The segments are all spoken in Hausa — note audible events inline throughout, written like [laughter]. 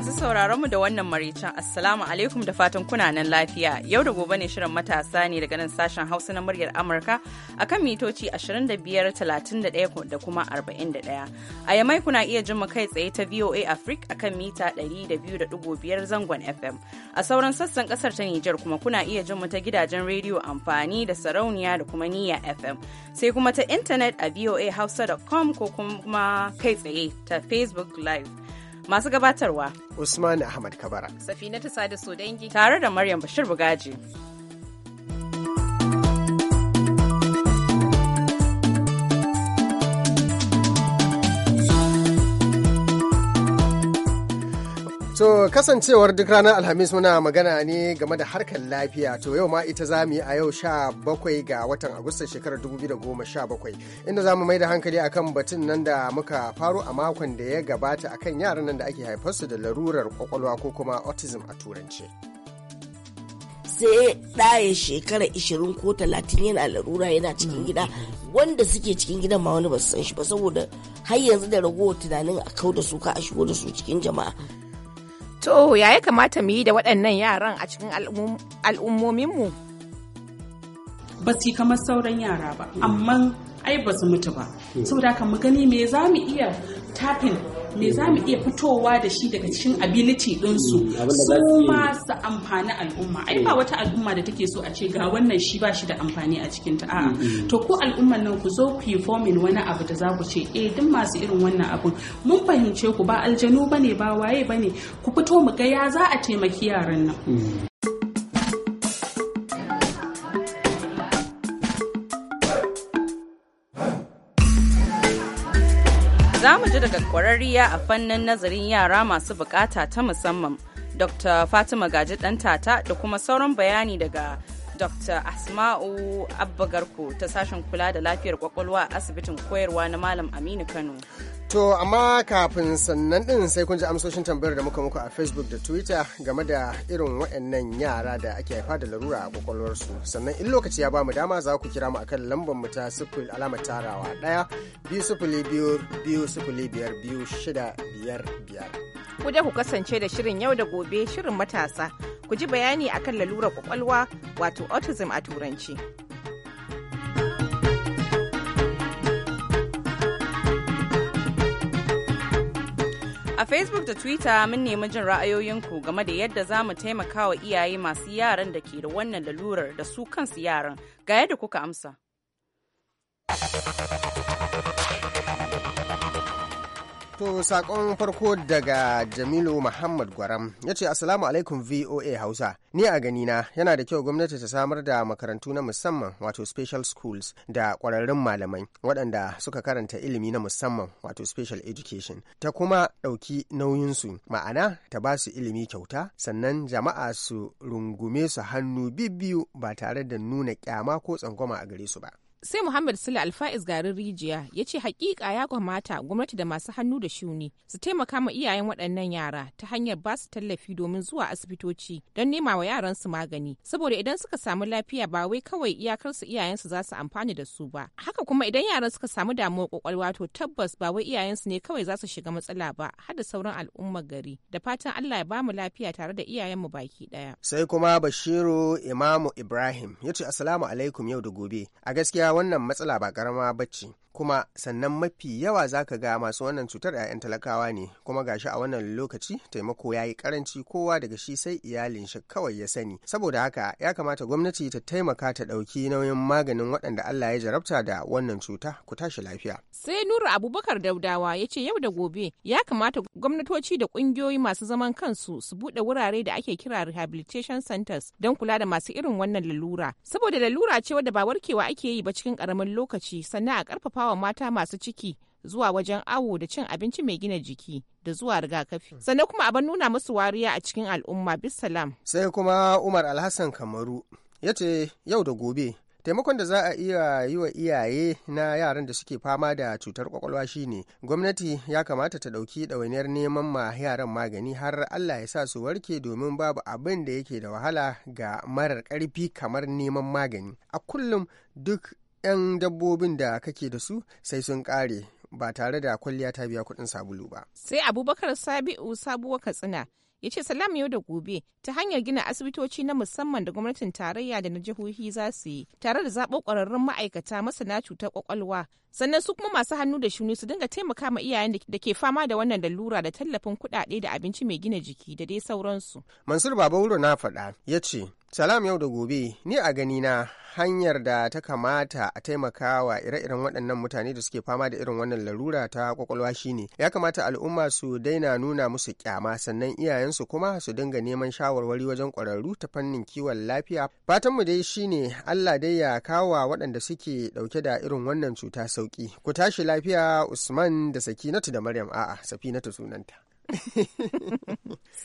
masu sauraron mu da wannan maraicen assalamu alaikum da fatan kuna nan lafiya yau da gobe ne shirin matasa ne daga nan sashen hausa na muryar amurka akan mitoci 25 31 da kuma 41 a yamai kuna iya jin mu kai tsaye ta voa africa akan mita 200.5 zangon fm a sauran sassan kasar ta nijar kuma kuna iya jin mu ta gidajen rediyo amfani da sarauniya da kuma niyya fm sai kuma ta intanet a voa voahausa.com ko kuma kai tsaye ta facebook live Masu gabatarwa Usman Ahmad Kabara. Safina ta sada dangi. Tare da Maryam Bashir Bugaji. So kasancewar duk ranar Alhamis muna magana ne game da harkar lafiya to yau ma ita za mu yi a yau sha bakwai ga watan agusta shekarar 2017 inda za mu mai da hankali akan batun nan da muka faro a makon da ya gabata akan yaran nan da ake haifarsu da larurar kwakwalwa ko kuma autism a turanci. sai ɗaya shekara 20 ko 30 yana larura yana cikin gida wanda suke cikin gidan ma wani ba su san shi ba saboda har yanzu da ragowar tunanin a kau da su ka a shigo da su cikin jama'a To ya ya kamata mu yi da waɗannan yaran a cikin al'ummominmu? Ba su yi kamar sauran yara ba, amma ai ba su mutu ba. Saboda haka mu gani me za mu iya tafin me za mu iya fitowa da shi daga cikin ability ɗinsu mm, su ma su amfani al'umma ai eh. ba wata al'umma da take so a ce ga wannan shi ba shi da amfani a cikin ta a'a mm, mm. to ko al'umman nan ku zo ku yi forming wani abu da za ku ce eh duk masu irin wannan abun mun fahimce ku ba aljanu bane ba waye bane ku fito mu ga ya za a taimaki yaran nan Za mu ji daga kwararriya a fannin nazarin yara masu bukata ta musamman, Dr. Fatima Gaji Ɗantata da kuma sauran bayani daga Dr. Asma'u Abba ta sashen kula da lafiyar kwakwalwa a asibitin koyarwa na Malam Aminu Kano. To, amma kafin sannan ɗin sai kun ji amsoshin tambayar da muka muku a Facebook da Twitter game da irin waɗannan yara da ake haifa da larura a kwakwalwarsu. Sannan in lokaci ya ba mu dama za ku kira mu a kan lambar mu ta sifil alama tarawa ɗaya biyu sifili biyu biyu sifili biyar biyu shida biyar biyar. Ku da ku kasance da shirin yau da gobe shirin matasa. ku ji bayani akan lalurar kwakwalwa wato autism a turanci. A Facebook da Twitter mun nemi jin ra'ayoyinku game da yadda za mu taimaka wa iyaye masu yaran da ke da wannan lalurar da su kansu yaran. Ga yadda kuka amsa. To sakon farko daga Jamilu Muhammad Gwaram ya ce Assalamu alaikum VOA Hausa. Ni a ganina yana da kyau gwamnati ta samar da makarantu na musamman wato special schools da kwararrun malamai waɗanda suka karanta ilimi na musamman wato special education ta kuma ɗauki nauyinsu ma'ana ta ba su ilimi kyauta sannan jama'a su rungume su hannu bibbiyu ba tare da nuna kyama ko tsangwama a gare su ba. sai muhammad sule alfa'is garin rijiya ya ce hakika ya kamata gwamnati da masu hannu da shuni su taimaka ma iyayen waɗannan yara ta hanyar ba su tallafi domin zuwa asibitoci don nema wa yaran su magani saboda idan suka samu lafiya ba wai kawai iyakar su iyayen su za su amfani da su ba haka kuma idan yaran suka samu damuwar kwakwalwa to tabbas ba wai iyayen su ne kawai za su shiga matsala ba har da sauran al'ummar gari da fatan allah ya bamu lafiya tare da iyayen mu baki ɗaya. sai kuma bashiru imamu ibrahim ya ce assalamu alaikum yau da gobe a gaskiya wannan matsala ba karama ba ce kuma sannan mafi yawa za ka ga masu wannan cutar 'ya'yan talakawa ne kuma gashi a wannan lokaci taimako ya yi karanci kowa daga shi sai iyalin shi kawai ya sani saboda haka ya kamata gwamnati ta taimaka ta ɗauki nauyin maganin waɗanda Allah ya jarabta da wannan cuta ku tashi lafiya. Sai Nura Abubakar Daudawa ya ce yau da gobe ya kamata gwamnatoci da ƙungiyoyi masu zaman kansu su buɗe wurare da ake kira rehabilitation centers don kula da masu irin wannan lalura saboda lalura ce wadda ba warkewa ake yi ba cikin ƙaramin lokaci sannan a ƙarfafa wa mata masu ciki zuwa wajen awo da cin abinci mai gina jiki da zuwa rigakafi sannan kuma abin nuna musu wariya a cikin al'umma bisalam sai kuma umar alhassan kamaru ya ce yau da gobe taimakon da za a iya yi wa iyaye na yaran da suke fama da cutar kwakwalwa shine gwamnati ya kamata ta ɗauki ɗawainiyar neman ma yaran magani har allah ya sa su warke domin babu abin da yake da wahala ga marar karfi kamar neman magani a kullum duk 'yan dabbobin da kake da su sai sun kare ba tare da kwalliya ta biya kuɗin sabulu ba. Sai Abubakar Sabi'u sabuwar Katsina ya ce salam yau da gobe ta hanyar gina asibitoci na musamman da gwamnatin tarayya da na jihohi za su yi tare da zaɓo ƙwararrun ma'aikata masana cutar ƙwaƙwalwa sannan su kuma masu hannu da shuni su dinga taimaka ma iyayen da ke fama da wannan lalura da tallafin kuɗaɗe da abinci mai gina jiki da dai sauransu. Mansur Babauro na faɗa ya ce, Salam yau da gobe, ni a gani na hanyar da ta kamata a taimaka wa ire-iren waɗannan mutane da suke fama da irin wannan larura ta kwakwalwa shine ya kamata al'umma su daina nuna musu kyama sannan iyayensu kuma su dinga neman shawarwari wajen ƙwararru ta fannin kiwon lafiya. Fatanmu dai shine Allah dai ya kawa waɗanda suke ɗauke da irin wannan cuta sauki ku tashi lafiya usman da sakinatu da maryam a'a safinatu sunanta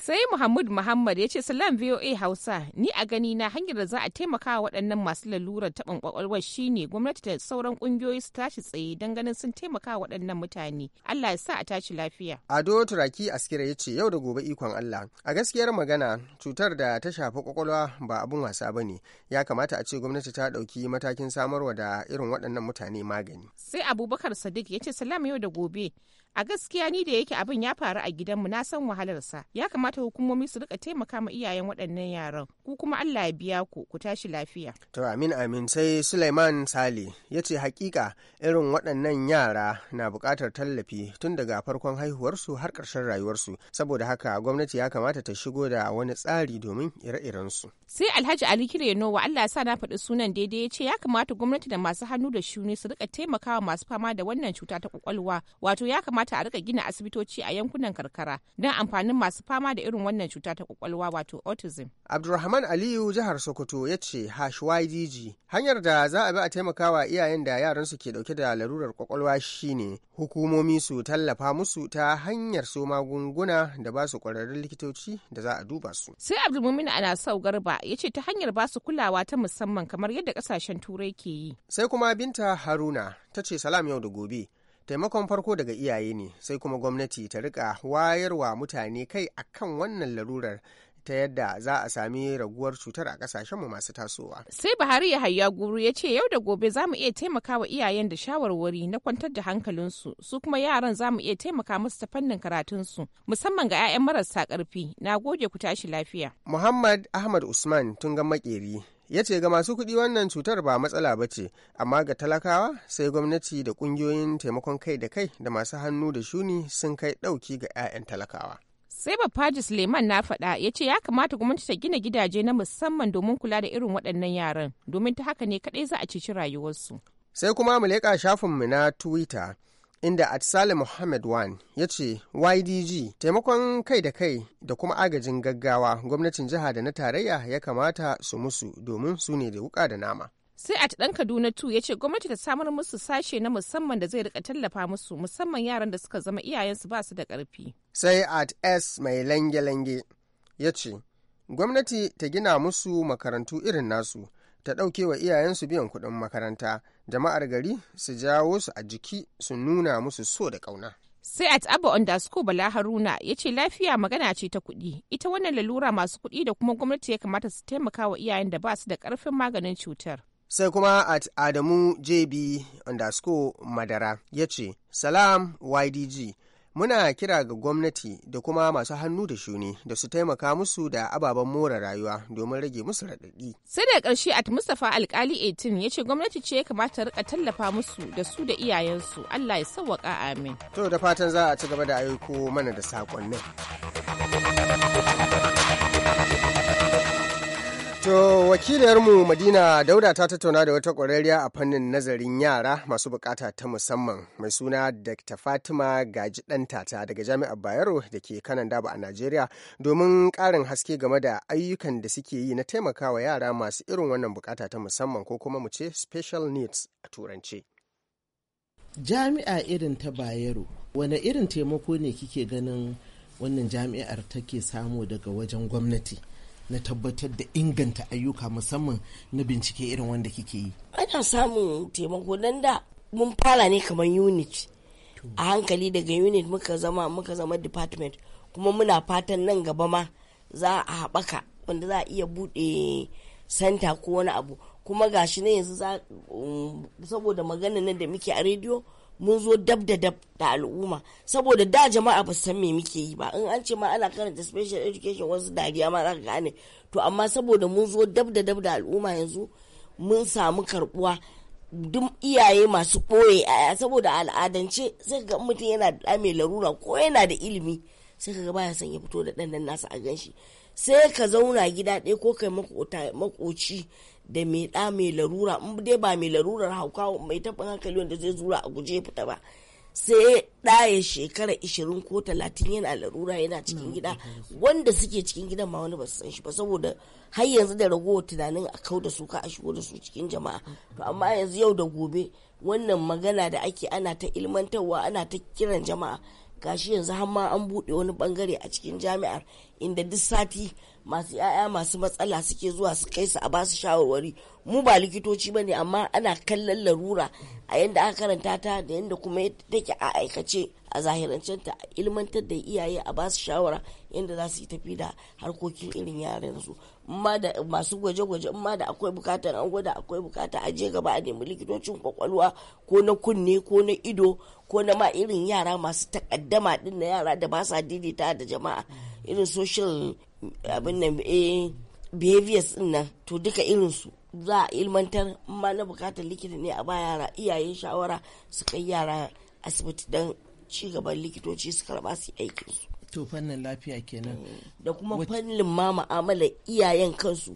Sai Muhammad Muhammad ya ce salam VOA Hausa ni a gani na hanyar da za a taimaka wa waɗannan masu lalurar taɓin ƙwaƙwalwar shine gwamnati da sauran ƙungiyoyi su tashi tsaye don ganin sun taimaka wa waɗannan mutane. Allah ya sa a tashi lafiya. Ado Turaki Askira ya ce yau da gobe ikon Allah. A gaskiyar magana cutar da ta shafi ƙwaƙwalwa ba abun wasa ba ne. Ya kamata a ce gwamnati ta ɗauki matakin samarwa da irin waɗannan mutane magani. Sai Abubakar Sadiq ya ce salam yau da gobe. a gaskiya ni da yake abin ya faru a gidanmu na san wahalarsa ya kamata hukumomi su rika taimaka ma iyayen waɗannan yaran ku kuma allah ya biya ku ku tashi lafiya to amin amin sai suleiman sale ya ce hakika irin waɗannan yara na buƙatar tallafi tun daga farkon haihuwarsu har ƙarshen rayuwarsu saboda haka gwamnati ya kamata ta shigo da wani tsari domin ire-irensu sai alhaji ali kire wa allah sa na faɗi sunan daidai ya ce ya kamata gwamnati da masu hannu da shuni su rika taimakawa masu fama da wannan cuta ta kwakwalwa wato ya kamata kamata a rika gina asibitoci a yankunan karkara don amfanin masu fama da irin wannan cuta ta kwakwalwa wato autism. Abdulrahman Aliyu jihar Sokoto ya ce HYDG hanyar da za a bi a taimakawa iyayen da yaran su ke dauke da larurar kwakwalwa shine hukumomi su tallafa musu ta hanyar su magunguna da ba su kwararrun likitoci da za a duba su. Sai Abdulmumin ana sau Garba ya ce ta hanyar ba su kulawa ta musamman kamar yadda kasashen Turai ke yi. Sai kuma Binta Haruna ta ce salam yau da gobe. taimakon farko daga iyaye ne sai kuma gwamnati ta rika wayarwa mutane kai akan wannan larurar ta yadda za a sami raguwar cutar a kasashenmu masu tasowa. Sai Bahari ya hayya guru ya ce yau da gobe za mu iya taimaka wa iyayen da shawarwari na kwantar da hankalinsu su kuma yaran za mu iya taimaka musu ta fannin karatunsu musamman ga 'ya'yan marasa ƙarfi. Na goge ku tashi lafiya. Muhammad Ahmad Usman tun ga makeri ya ce ga masu kuɗi wannan cutar ba matsala ba ce amma ga talakawa sai gwamnati da ƙungiyoyin taimakon kai da kai da masu hannu da shuni sun kai ɗauki ga 'ya'yan talakawa sai babbaji leman na faɗa ya ce ya kamata gwamnati ta gina gidaje na musamman domin kula da irin waɗannan yaran domin ta haka ne kaɗai za a ceci rayuwarsu sai kuma mu leƙa shafinmu na twitter inda Atsale Mohammed Wan ya ce YDG taimakon kai da kai da kuma agajin gaggawa gwamnatin jiha da na tarayya ya kamata su musu domin su ne da wuka da nama. sai a ɗan kaduna 2 ya ce gwamnati ta samar musu sashe na musamman da zai rika tallafa musu musamman yaran da suka zama iyayensu ba su da ƙarfi. sai at s mai lange-lange ya ce gwamnati ta gina musu makarantu irin nasu ta ɗauke wa iyayensu biyan kuɗin makaranta jama'ar gari su jawo su a jiki su nuna musu so da ƙauna. sai at abba underscore bala haruna ya ce lafiya magana ce ta kuɗi ita wannan lalura masu kuɗi da kuma gwamnati ya kamata su taimaka wa iyayen da ba su da ƙarfin maganin cutar sai kuma at adamu jb underscore madara ya ce salam ydg Muna kira ga gwamnati da kuma masu hannu da shuni da su taimaka musu da ababen more rayuwa domin rage musu raɗaɗi. Sai da ƙarshe at Mustapha alkali 18 ya gwamnati ce ya kamata rika tallafa musu da su da iyayensu. Allah ya sauwaƙa amin. To da fatan za a ci gaba da aiko mana da saƙonnin. To wakiliyarmu Madina Dauda ta tattauna da wata ƙwararriya a fannin nazarin yara masu bukata ta musamman mai suna Dr. Fatima Gaji Ɗantata daga Jami'ar Bayero da ke kanan daba a Najeriya domin ƙarin haske game da ayyukan da suke yi na taimakawa yara masu irin wannan bukata ta musamman ko kuma mu ce special needs a Turanci. Jami'a irin ta Bayero, wane irin taimako ne kike ganin wannan jami'ar take samu daga wajen gwamnati? na tabbatar da inganta ayyuka musamman na bincike irin wanda kike yi ana samun taimako nan da mun fara ne kamar unit a hankali daga unit muka zama muka zama department kuma muna fatan nan gaba ma za a haɓaka wanda za a iya buɗe santa ko wani abu kuma gashi na yanzu um, saboda magana nan da muke a rediyo mun zo dab da dab da al'umma saboda da jama'a ba san me muke yi ba in an ce ma ana karanta special education wasu dariya ma za ka gane to amma saboda mun zo dab da dab da al'umma yanzu mun samu karbuwa duk iyaye masu koye yaya saboda al'adance sai ga mutum yana da mai larura ko yana da ilimi sai ka ga baya son ya fito da ɗan nasa a ganshi sai ka zauna gida ɗaya ko kai makoci da mai ɗa mai larura in dai ba mai larurar hauka mai taɓin hankali wanda zai zura a guje fita ba sai ɗaya shekara ishirin ko talatin yana larura yana cikin gida wanda suke cikin gidan ma wani ba su san shi ba saboda har yanzu da ragowar tunanin a kau da su ka a shigo da su cikin jama'a to amma yanzu yau da gobe wannan magana da ake ana ta ilmantarwa ana ta kiran jama'a gashi yanzu har ma an buɗe wani bangare a cikin jami'ar inda duk sati masu 'ya'ya masu matsala suke zuwa su kai su a ba su shawarwari mu ba likitoci ba ne amma ana kallon larura a yadda aka karanta ta da yadda kuma take a aikace a zahirancen ta ilmantar da iyaye a ba su shawara yadda za su yi tafi da harkokin irin yaran su da masu gwaje-gwaje ma da akwai bukatar an gwada akwai bukata a je gaba a nemi likitocin kwakwalwa ko na kunne ko na ido ko na ma irin yara masu takaddama din na yara da ba sa daidaita da jama'a irin social abin nan eh behaviors din nan to duka irin su za a ilmantar ma na bukatar likita ne a ba yara iyaye shawara su kai yara asibiti don ci gaban likitoci su karba su aikin su to fannin lafiya kenan da kuma fannin ma mu'amalar iyayen kansu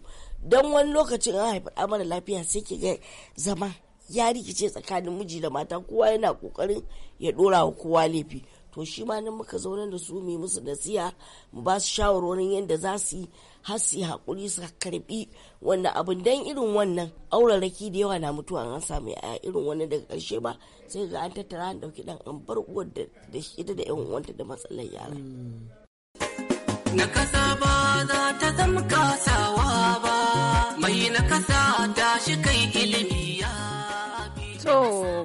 don wani lokacin an haifar amara lafiya sai ki ga zama ya rikice tsakanin miji da mata kowa yana kokarin ya dora wa kowa laifi to shi ma nan muka zauna da su mu musu nasiha mu ba su shawarwarin yadda za su yi har su hakuri su karbi wanda abin dan irin wannan auraraki da yawa na mutuwa an samu yaya irin wannan daga karshe ba sai ga an tattara an dauki dan an bar uwar da ita da yan uwanta da matsalar yara na kasa ba za ta zama kasawa ba mai na kasa ta shi kai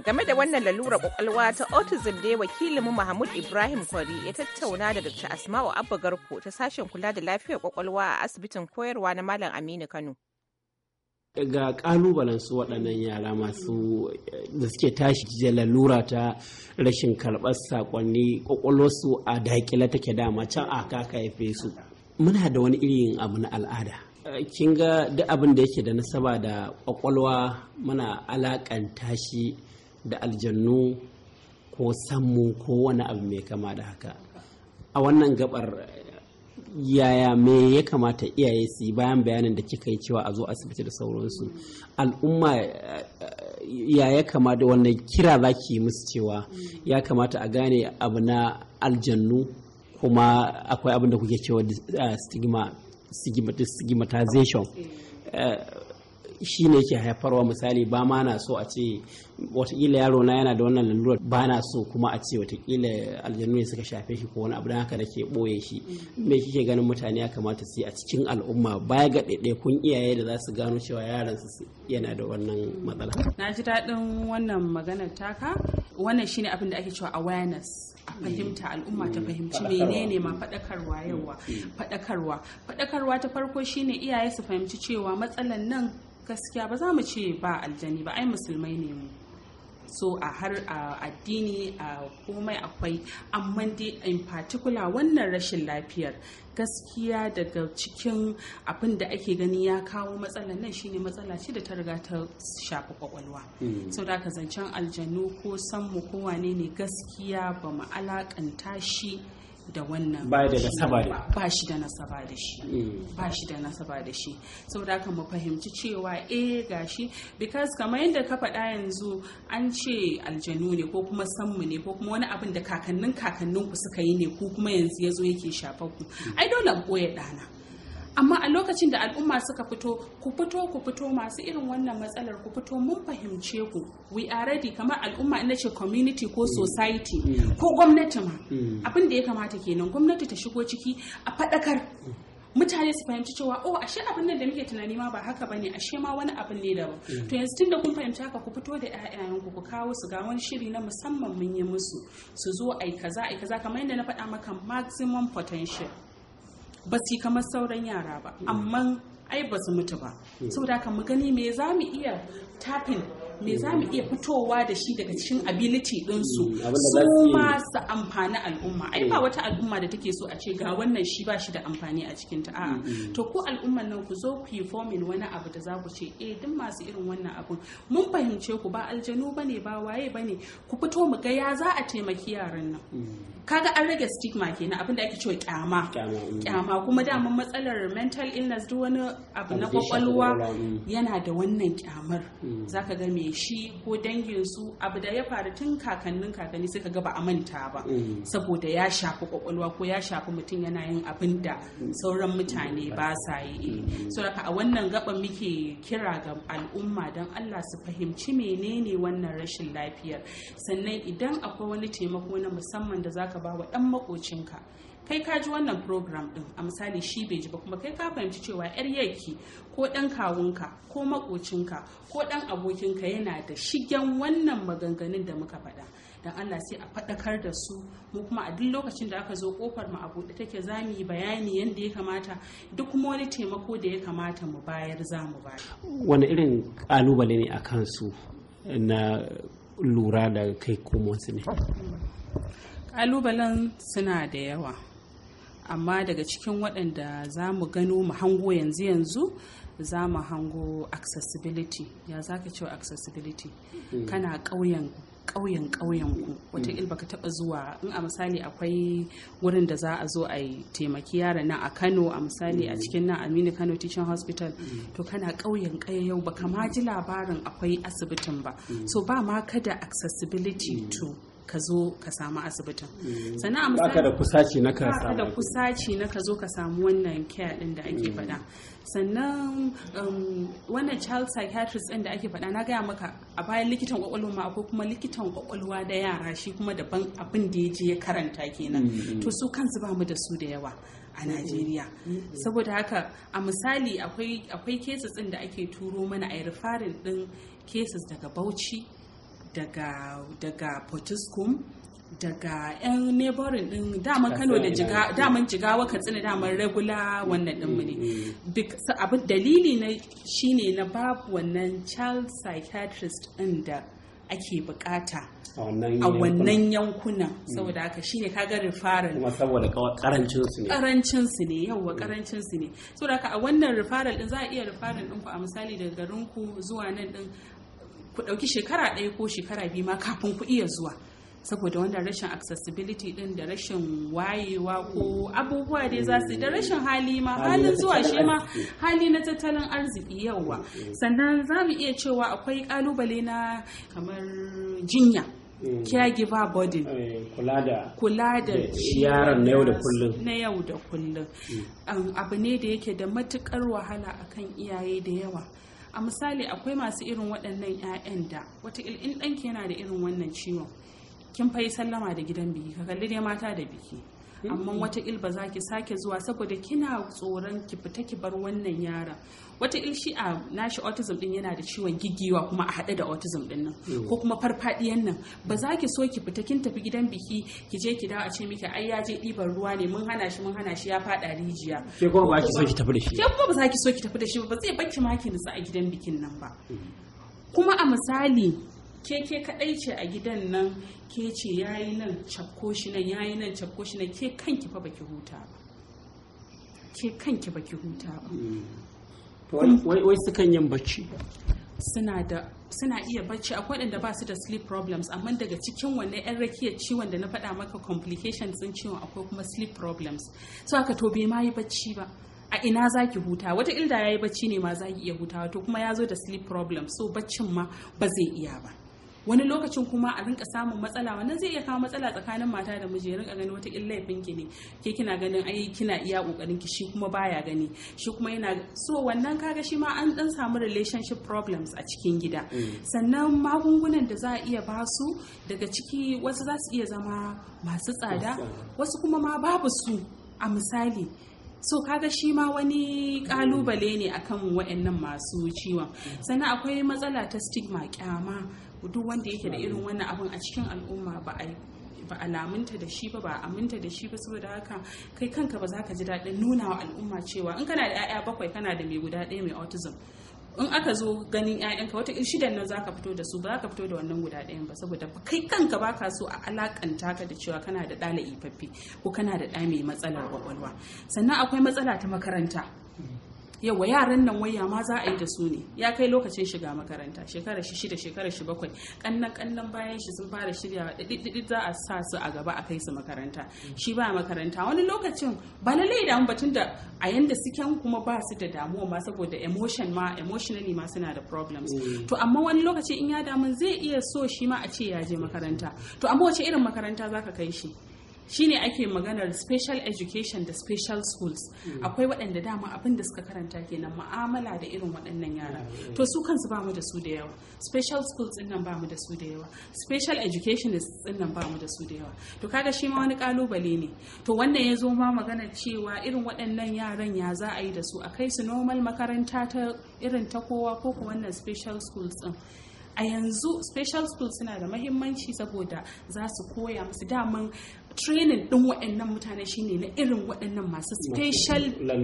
Game da wannan lalura kwakwalwa ta autism dai wakilinmu Mahmud Ibrahim Kwari ya tattauna da Dr. Asma'u Abba Garko ta sashen kula da lafiyar kwakwalwa a asibitin koyarwa na Malam Aminu Kano. ga kalubalen su waɗannan yara masu da suke tashi da lalura ta rashin karɓar saƙonni kwakwalwarsu a daƙila take dama can a kaka haife su muna da wani irin abu na al'ada kin ga duk abin da yake da nasaba da ƙwaƙwalwa muna alakanta shi da aljannu ko sammu ko wani abu mai kama da haka a wannan gabar yaya me ya kamata iyaye su yi bayan bayanin da kika yi cewa a zo asibiti da sauransu al'umma ya ya kamata wannan kira za ki yi musu cewa ya kamata a gane abu na aljannu kuma akwai abin da kuke cewa eh, stigmatization eh, shi ne ke haifarwa misali ba ma na so a ce watakila yaro na yana da wannan lalurar ba na so kuma a ce watakila aljanu ne suka shafe shi ko wani abu da haka nake boye shi me kike ganin mutane ya kamata su yi a cikin al'umma baya ga kun iyaye da za su gano cewa yaran su yana da wannan matsala na ji daɗin wannan maganar taka wannan shine abin da ake cewa awareness a fahimta al'umma ta fahimci menene ma faɗakarwa yawa faɗakarwa faɗakarwa ta farko shine iyaye su fahimci cewa matsalan nan gaskiya ba za mu ce ba aljani ba ai musulmai ne mu so a har a addini a komai akwai amma dai in particular wannan rashin lafiyar gaskiya daga cikin abin da ake gani ya kawo matsalar nan shine matsala ce da ta riga ta shafa kwakwalwa hmm. so da ka zancen aljanu ko san mu ko wane ne gaskiya ba mu alakanta shi da wannan ba shi da nasaba da shi mm. ba shi da nasaba da shi saboda haka mu fahimci cewa eh gashi because kamar yadda ka faɗa yanzu an ce aljanu ne ko kuma sanmu ne ko kuma wani abin da kakannin kakanninku suka yi ne ko kuma yanzu yazo yake shafar ku ai mm. dole ɓoye koya ɗana amma a lokacin da al'umma suka fito ku fito ku fito masu irin wannan matsalar ku fito mun fahimce ku we are ready kamar al'umma ina ce community ko society ko gwamnati ma abin da ya kamata kenan gwamnati ta shigo ciki a fadakar mutane su fahimci cewa oh ashe abin nan da muke tunani ma ba haka bane ashe ma wani abin ne daban to yanzu tunda kun fahimci haka ku fito da 'ya'yanku ku kawo su ga wani shiri na musamman mun yi musu su zo ai kaza ai kaza kamar yadda na faɗa maka maximum potential ba su kamar sauran yara ba mm. amma ai ba su mutu ba mm. saboda haka mu gani me za mu iya tafin me za mu iya fitowa da shi daga cikin ability ɗinsu mm, su ma su amfani al'umma ai ba mm. wata al'umma da take so a ce ga wannan shi ba shi da amfani a cikin ta a'a mm, to ko al'umman nan ku zo ku yi forming wani abu da za ku ce eh duk masu irin wannan abun mun fahimce ku ba aljanu bane ba waye bane ku fito mu ga ya za a taimaki yaran nan kaga an rage stigma kenan abinda ake cewa kyama kyama kuma daman matsalar mental illness duk wani abu na kwakwalwa yana da wannan kyamar zaka ga me shi ko dangin su abu da ya faru tun kakannin kakanni suka ga ba a manta ba mm. saboda ya shafi kwakwalwa ko ya shafi mutum yana yin abin da mm. sauran mutane mm. ba sa yi so a wannan gaba muke kira ga al'umma don Allah su fahimci menene wannan rashin lafiyar sannan idan akwai wani taimako na musamman da zaka ba wa dan makocinka kai ka ji wannan program din a misali shi bai ji ba kuma kai ka fahimci cewa yar yaki ko dan kawunka ko makocinka ko dan abokinka yana da shigen wannan maganganun da muka faɗa dan Allah sai a faɗakar da su mu kuma a duk lokacin da aka zo kofar mu a buɗe take za mu yi bayani yanda ya kamata duk kuma wani taimako da ya kamata mu bayar za mu bayar wani irin kalubale ne a kansu na lura da kai su ne kalubalen suna da yawa amma daga cikin waɗanda za mu gano mu hango yanzu yanzu za mu hango accessibility ya za ka cewa accessibility hmm. kana ƙauyen ƙauyen ƙauyen ku wataƙil baka taɓa zuwa in a misali akwai wurin da za a zo a yi taimaki yara nan a kano a misali a hmm. cikin nan aminu kano teaching hospital hmm. to kana ƙauyen ƙayayyau baka ma ji labarin akwai asibitin ba so ba ma kada accessibility to ka zo ka samu asibitin mm. sannan a misali da kusaci na ka samu da kusaci na ka zo ka samu wannan care din da ake mm. faɗa sannan um, wannan child psychiatrist din da ake faɗa na gaya maka a bayan likitan kwakwalwa ma akwai kuma likitan kwakwalwa da yara shi kuma daban abin da ya je ya karanta kenan mm. to su kansu ba mu da su da yawa a Najeriya. Saboda haka a misali akwai cases ɗin da ake turo mana a yi rufarin ɗin cases daga Bauchi daga daga potiskum daga yan neighboring din daman kano da jiga daman jigawa katsina daman regular wannan dinmu ne mm-hmm. abin dalili na shine na babu wannan child psychiatrist din da ake bukata a wannan yankunan mm. saboda haka shine kaga referral kuma saboda karancin su ne karancin su ne yawa karancin mm. su ne saboda haka a wannan referral din za a iya referral din ku a misali daga garin ku zuwa nan din ku ɗauki shekara ɗaya ko shekara biyu ma kafin ku iya zuwa saboda wannan rashin accessibility din da rashin wayewa ko abubuwa dai za su da rashin hali ma halin zuwa shi ma hali na tattalin arziki yauwa mm. sannan za mu iya cewa akwai kalubale na kamar jinya mm. caregiver body eh, kula da ciyaran na yau da kullum na yau da kullum mm. abu ne da yake da matukar wahala akan iyaye da yawa a misali akwai masu irin waɗannan 'ya'yan da wata in ɗanki yana da irin wannan ciwon kin fa sallama da gidan biki ka kalli dai mata da biki amma mm-hmm. wata ba za ki sake zuwa saboda kina tsoron ki fita ki bar wannan yaron wata shi a nashi autism din yana da ciwon gigiwa kuma a haɗe da autism din nan ko kuma farfadiyan nan ba za ki so ki fita kin tafi gidan biki ki je ki dawo a ce miki ai ya je ɗiban ruwa ne mun hana shi mun hana shi ya faɗa rijiya ke kuma ba ki so ki tafi da shi ke kuma ba za ki so ki tafi da shi ba zai bakki ma ki nutsa a gidan bikin nan ba kuma a misali ke ke kadai ce a gidan nan ke ce yayi nan cakko shi nan yayi nan cakko shi nan ke kanki fa baki huta ba ke kanki baki huta ba mm. wai sukan yin bacci suna iya bacci akwai waɗanda ba su da sleep problems amma daga cikin wannan yan rakiyar ciwon da na faɗa maka complications sun ciwon akwai kuma sleep problems so aka to bai ma yi bacci ba a ina za ki huta wata ilda ya yi bacci ne ma za ki iya hutawa to kuma ya zo da sleep problems so baccin ma ba zai iya ba wani lokacin kuma a rinka samun matsala wannan zai iya kawo matsala tsakanin mata da miji rinka gani wata illa laifin ki ne ke kina ganin ai kina iya kokarin ki shi kuma baya gani shi kuma yana so wannan kaga shi ma an dan samu relationship problems a cikin gida mm. sannan magungunan da za a iya basu daga ciki wasu za su iya zama masu tsada wasu kuma ma babu su a misali so kaga shi ma wani kalubale ne akan waɗannan masu ciwon mm. sannan akwai matsala ta stigma kyama duk wanda yake da irin wannan abin a cikin al'umma ba a ba a lamunta da shi ba ba a aminta da shi ba saboda haka kai kanka ba za ka ji daɗin nuna wa al'umma cewa in kana da 'ya'ya bakwai kana da mai guda ɗaya mai autism in aka zo ganin 'ya'yanka wata shidan nan za ka fito da su ba za ka fito da wannan guda ɗaya ba saboda kai kanka ba ka so a alakanta ka da cewa kana da ɗala ifaffe ko kana da ɗa mai matsalar kwakwalwa sannan akwai matsala ta makaranta Yau wa yaran nan waya ma za a yi da su ne ya kai lokacin shiga makaranta shekarar shi shida shekarar shi bakwai kannan kannan bayan shi sun fara shirya dididi za a sa su a gaba a kai su makaranta shi ba makaranta wani lokacin ba lallai damu tun da a yanda suke kuma ba su da damuwa ma saboda emotion ma emotionally ma suna da problems mm. to amma wani lokaci in ya damu zai iya so shi ma a ce ya je makaranta to amma wace irin makaranta zaka kai shi shine ake maganar special education da special schools hmm. akwai waɗanda dama abin da suka karanta kenan ma'amala da irin waɗannan yara hmm. to su kansu bamu da su da yawa special schools din nan bamu da su da yawa special educationists din nan bamu da su da yawa to kaga shi ma wani kalubale ne to wannan ya zo ma maganar cewa irin waɗannan yaran ya za a yi da su a kai su normal makaranta ta irin ta kowa ko ko wannan special schools din a yanzu special schools suna da mahimmanci saboda za su koya musu daman training din waɗannan mutane shine na irin waɗannan masu special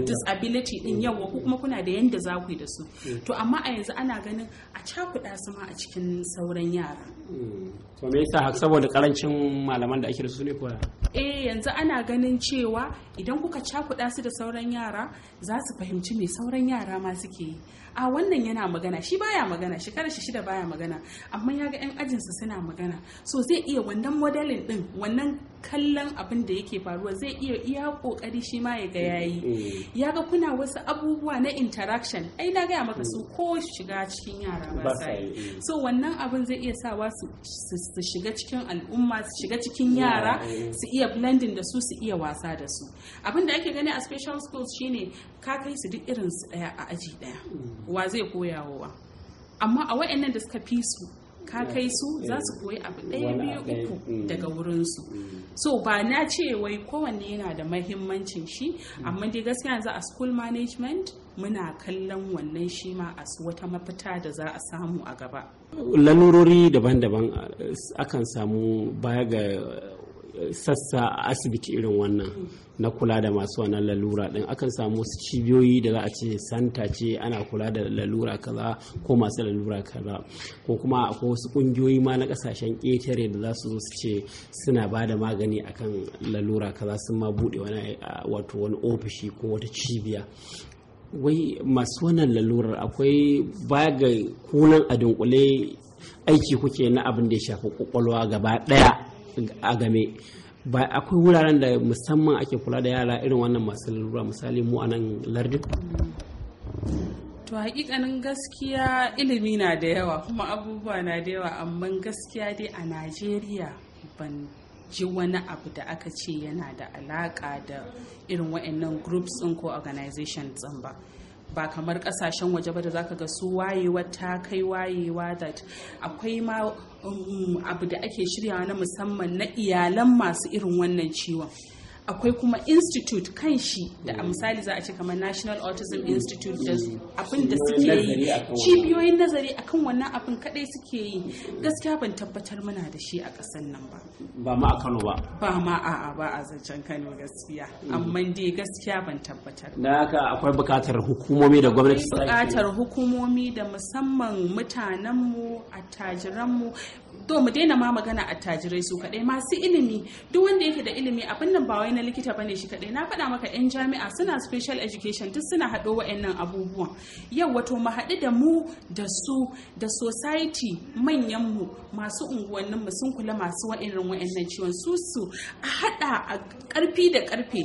disability din mm. yawa ko kuma kuna da yanda za ku yi da su mm. to amma a yanzu ana ganin a cakuɗa su ma a cikin sauran yara mm. to me yasa saboda karancin malaman da ake da su ne ko eh yanzu ana ganin cewa idan kuka cakuɗa su da sauran yara za su fahimci me sauran yara ma suke yi a wannan yana magana shi baya magana shekarar shi shida baya magana amma ya ga yan ajinsa suna magana so zai iya wannan modelin din wannan kallon abin da yake faruwa zai iya iya kokari shi ma ya ga mm-hmm. yayi mm-hmm. ya ga kuna wasu abubuwa na interaction ai na gaya maka su mm-hmm. ko shiga cikin yara ba sai mm. so wannan abin zai iya sawa su shiga cikin al'umma su shiga cikin yara su iya blending da su su iya wasa da su abin da ake gani a special schools shine ka kai su duk irin su daya a aji daya mm. wa zai koyawa amma a wayannan da suka fi su ka kai su eh. za su koyi abu ɗaya biyu uku mm. daga wurinsu mm. so ba na ce wai kowanne yana da mahimmancin shi mm. amma dai gaskiya za a school management muna kallon wannan shi ma a wata mafita da za a samu a gaba lalurori daban-daban eh, akan samu baya ga sassa a asibiti irin wannan na kula da masu wannan lalura din akan samu wasu cibiyoyi da za a ce santa ce ana kula da lalura kaza ko masu lalura kaza ko kuma akwai wasu kungiyoyi ma na kasashen ƙetare da za su zo su ce suna ba da magani akan lalura kaza sun ma buɗe wani wato wani ofishi ko wata cibiya wai masu wannan lalurar akwai ba ga kunan a dunkule aiki kuke na abin da ya shafi kwakwalwa gaba ɗaya a game ba akwai wuraren da musamman ake kula da yara irin wannan masu lura misali mu a nan lardin to hakikanin gaskiya ilimi na da yawa kuma abubuwa na da yawa amma gaskiya dai a najeriya ban ji wani abu da aka ce yana da alaka da irin wa'annan groups ko organizations ba ba kamar kasashen waje ba da zaka ga su wayewa ta kai wayewa da akwai ma um, um, abu da ake shiryawa na musamman na iyalan masu irin wannan ciwon akwai kuma institute kan shi da a mm. misali za a ce kamar national autism mm. institute da mm. abin da suke yi cibiyoyin nazari akan wannan abin kadai suke yi gaskiya ban tabbatar muna da shi a kasan nan ba ba ma a kano ba ba ma a ba a zancen kano gaskiya amma dai gaskiya ban tabbatar da haka akwai bukatar hukumomi da gwamnati bukatar hukumomi da musamman mutanenmu attajiranmu to mu daina ma magana attajirai su kadai masu ilimi duk wanda yake da ilimi abin nan ba wai na likita bane shi kadai na faɗa maka 'yan jami'a suna special education duk suna haɗo wa'annan abubuwan yau wato mu haɗu da mu da su da society mu masu unguwanninmu sun kula masu wa'annan wa'annan ciwon su su a haɗa a ƙarfi da ƙarfe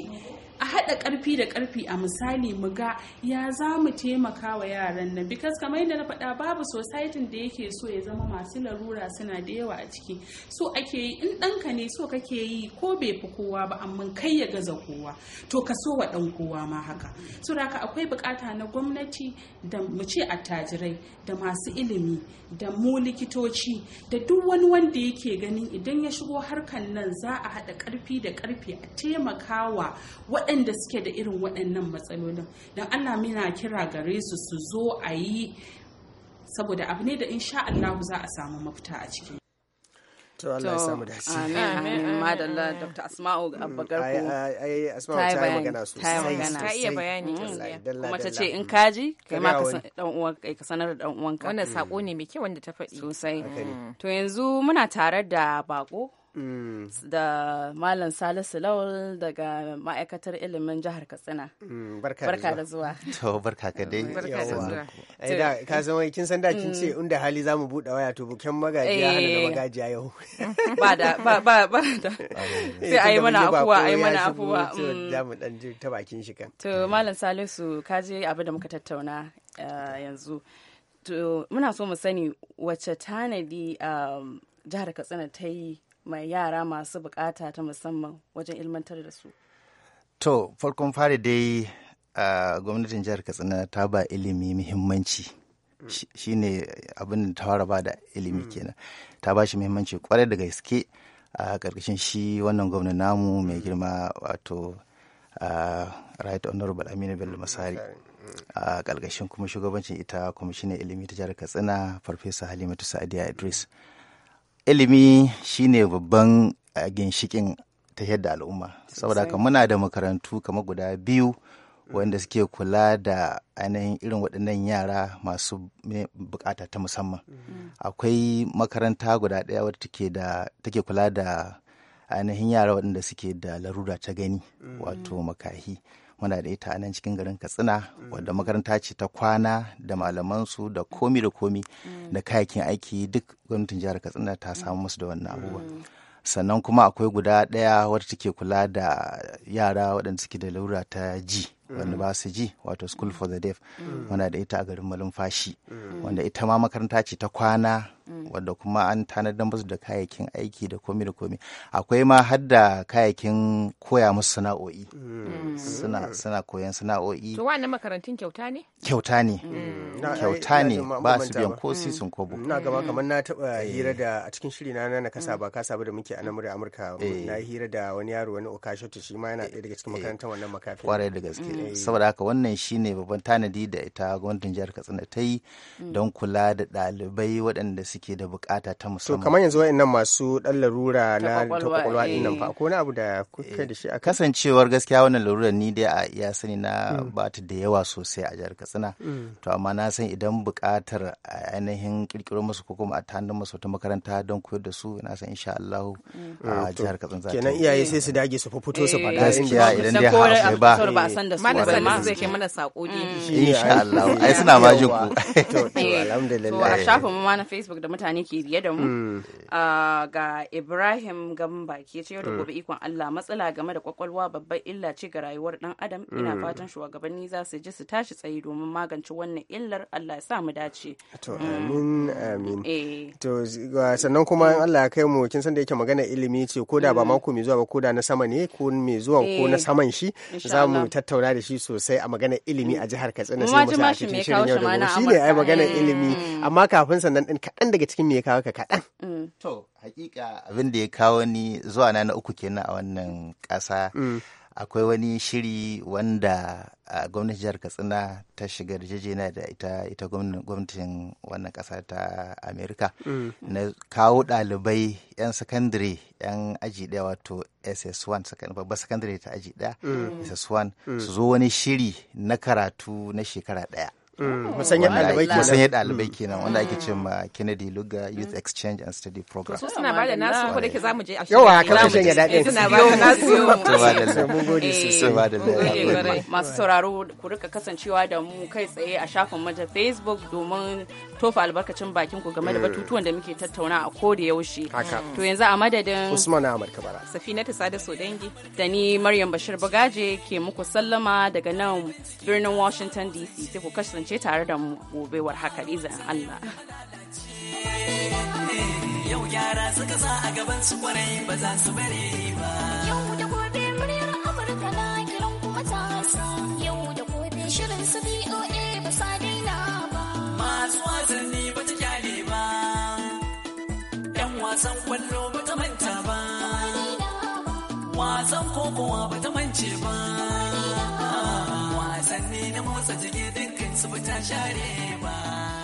a haɗa ƙarfi da ƙarfi a misali mu ga ya za mu taimaka wa yaran nan because kamar yadda na faɗa babu society da yake so ya zama masu larura suna da yawa a ciki so ake yi in ɗanka ne so kake yi ko bai fi kowa ba amma kai ya gaza kowa to ka so wa ɗan kowa ma haka so da haka akwai buƙata na gwamnati da mu ce attajirai da masu ilimi da mu likitoci da duk wani wanda yake ganin idan ya shigo harkan nan za a haɗa ƙarfi da ƙarfi a taimakawa waɗanda waɗanda suke da irin waɗannan matsalolin don ana mina kira gare su su zo a yi saboda abu ne da insha Allah za a samu mafita a cikin to Allah ya samu dace amin madalla dr asma'u mm, abbagar ko ai asma'u ta yi magana sosai ta iya bayani kuma ta ce in kaji kai ma ka dan uwan kai eh, ka sanar da dan uwanka wannan sako mm. ne mai kyau wanda ta faɗi sosai mm. to yanzu muna tare da bako da Malam Salisu Lawal daga ma'aikatar ilimin jihar Katsina. Mm, barka da zuwa. [laughs] To barka ka dai. Barka da zuwa. Ai da ka san kin san da kin ce mm. inda hali za mu buɗe waya to bukan magajiya hana da eh. magajiya yau. [laughs] Ba da ba ba ba da. [laughs] Sai ayi mana afuwa ayi mana afuwa. Mm. Za mu dan ji ta bakin shi kan. To eh. Malam Salisu ka je abin da muka tattauna eh, yanzu. To muna so mu sani wace tanadi um, jihar Katsina ta yi mai yara masu bukata ta musamman wajen ilmantar da su to farkon fari dai gwamnatin jihar katsina ta ba ilimi muhimmanci mm. shi ne abin da ta ba da ilimi mm. kenan ta ba shi muhimmanci kwarai da gaske a karkashin shi wannan gwamna namu mai mm. girma wato right honorable aminu bello masari a ƙarƙashin kuma shugabancin ita kwamishinan ilimi ta jihar katsina farfesa halimatu sa'adiya idris ilimi shine babban eh, ginshikin ta yadda al'umma saboda haka muna da makarantu kamar guda biyu wanda suke kula da ainihin irin waɗannan yara masu bukata ta musamman mm-hmm. akwai makaranta guda ɗaya wadda take kula da ainihin yara waɗanda suke da larura ta gani mm. wato makahi muna da ita a nan cikin garin katsina wadda makaranta ce ta kwana da malamansu da komi da komi mm. da kayakin aiki duk gwamnatin jihar katsina ta samu musu da wannan abubuwa mm. sannan kuma akwai guda ɗaya wadda take kula da yara waɗanda suke da laura ta ji wanda mm. ba su ji wato school for the deaf wanda mm. da ita a garin malumfashi mm. wanda ita ma makaranta ce ta kwana wadda kuma an tanadar musu da kayayyakin aiki da komi da komi akwai ma har da kayayyakin koya musu sana'o'i suna suna koyan sana'o'i to wannan makarantun kyauta ne kyauta ne kyauta eh, ne ba su biyan ko sun kobo na gaba kamar na taba eh. hira da a cikin shiri na na kasa ba kasa ba da muke a nan amurka eh. na hira da wani yaro wani okashoto shi ma yana ɗaya daga cikin makarantar wannan makafi kwarai da gaske Eh. Eh, saboda haka wannan shine babban tanadi da ita gwamnatin jihar katsina ta yi mm. don kula da ɗalibai waɗanda suke da bukata ta musamman kamar yanzu waɗannan masu ɗan larura na ta kwakwalwa nan fa eh. ko wani abu da kuka da shi a kasancewar gaskiya wannan larura ni dai a iya sani na mm. ba ta da yawa sosai a jihar katsina mm. to amma na san idan buƙatar ainihin kirkiro musu ko kuma a tanadar musu wata makaranta don koyar da su na san insha Allah a jihar katsina za ta kenan iyaye sai su dage su fufuto su faɗa gaskiya idan dai ba ba Malam Salisu zai kai mana sako dai. Insha Allah. Ai suna ma jin ku. [laughs] To eh, a shafin mu ma na Facebook da mutane ke biye da mu. Hmm. Ah, ga Ibrahim Gamba ke ce yau hmm. gobe ikon Allah matsala game da kwakwalwa babbar illa ce ga rayuwar dan Adam. Ina hmm. fatan shugabanni za su ji su tashi tsaye domin magance wannan illar Allah ya sa mu dace. To amin amin. Eh. To sannan kuma in Allah ya kai mu kin san da yake magana ilimi ce ko da ba mako mai zuwa ba ko da na sama ne ko mai zuwa ko na eh. saman shi za mu tattauna da shi sosai a maganar ilimi a jihar Katsina sai mu sa cikin shirin yau da gobe shine ai maganar mm. ilimi amma kafin sannan din kaɗan daga cikin me ya kawo ka kaɗan. Mm. To hakika abin da ya kawo ni zuwa na na uku kenan a wannan ƙasa. Mm. akwai wani shiri wanda gwamnatin jihar katsina ta shiga yarjejeniya da ita ita gwamnatin wannan kasa ta amerika mm. na kawo ɗalibai 'yan sakandare 'yan aji daya wato ss1 Babban sakandare ta aji ɗaya mm. ss1 mm. su zo wani shiri na karatu na shekara ɗaya Mm. musanyar ɗalibai kenan musanyar ɗalibai kenan wanda ake mm. ce ma Kennedy Luga Youth Exchange and Study Program su suna bada nasu ko da ke zamu je a yawa kan shan ya daɗin eh, suna bada nasu [laughs] to ba da lai mun gode eh, sosai ba da nasu. masu sauraro ku rika kasancewa da mu kai tsaye a shafin mu Facebook domin tofa albarkacin bakin ku game da eh. batutuwan da muke tattauna a ko da yaushe to yanzu a madadin Usman Ahmad Kabara Safina ta sada so dangi da ni Maryam Bashir Bagaje ke muku sallama daga nan birnin Washington DC sai ku kasance kasance tare da mu gobe war haka izan Allah. Yau a gaban su kwarai shirin su BOA ba sa daina ba. Masu wasan kwallo ba ta manta ba. Wasan kokowa ba ba. wasanni na motsa jiki dinka share ba